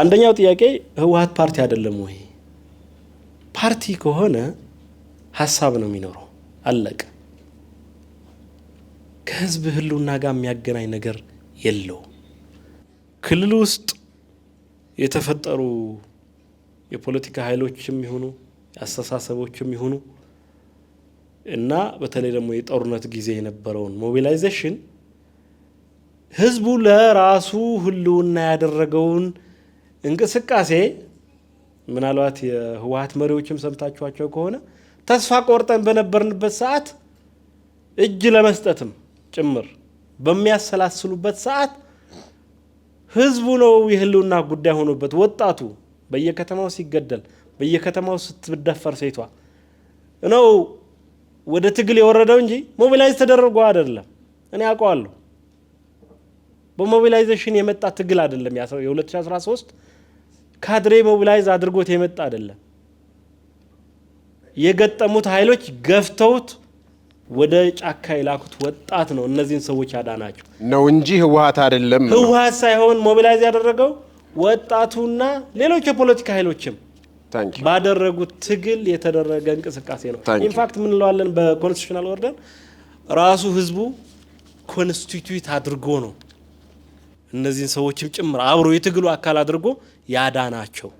አንደኛው ጥያቄ ህወሀት ፓርቲ አይደለም ወይ? ፓርቲ ከሆነ ሀሳብ ነው የሚኖረው። አለቀ። ከህዝብ ህልውና ጋር የሚያገናኝ ነገር የለው። ክልል ውስጥ የተፈጠሩ የፖለቲካ ኃይሎችም ይሁኑ አስተሳሰቦችም ይሁኑ እና በተለይ ደግሞ የጦርነት ጊዜ የነበረውን ሞቢላይዜሽን ህዝቡ ለራሱ ህልውና ያደረገውን እንቅስቃሴ ምናልባት የህወሀት መሪዎችም ሰምታችኋቸው ከሆነ ተስፋ ቆርጠን በነበርንበት ሰዓት እጅ ለመስጠትም ጭምር በሚያሰላስሉበት ሰዓት ህዝቡ ነው የህልውና ጉዳይ ሆኖበት ወጣቱ በየከተማው ሲገደል በየከተማው ስትደፈር ሴቷ ነው ወደ ትግል የወረደው እንጂ ሞቢላይዝ ተደርጎ አይደለም። እኔ አውቀዋለሁ። በሞቢላይዜሽን የመጣ ትግል አይደለም። የ2013 ካድሬ ሞቢላይዝ አድርጎት የመጣ አይደለም። የገጠሙት ኃይሎች ገፍተውት ወደ ጫካ የላኩት ወጣት ነው። እነዚህን ሰዎች ያዳናቸው ነው እንጂ ህወሀት አይደለም። ህወሀት ሳይሆን ሞቢላይዝ ያደረገው ወጣቱና ሌሎች የፖለቲካ ኃይሎችም ባደረጉት ትግል የተደረገ እንቅስቃሴ ነው። ኢንፋክት ምንለዋለን በኮንስቲቱሽናል ወርደን ራሱ ህዝቡ ኮንስቲቱት አድርጎ ነው እነዚህን ሰዎችም ጭምር አብሮ የትግሉ አካል አድርጎ ያዳናቸው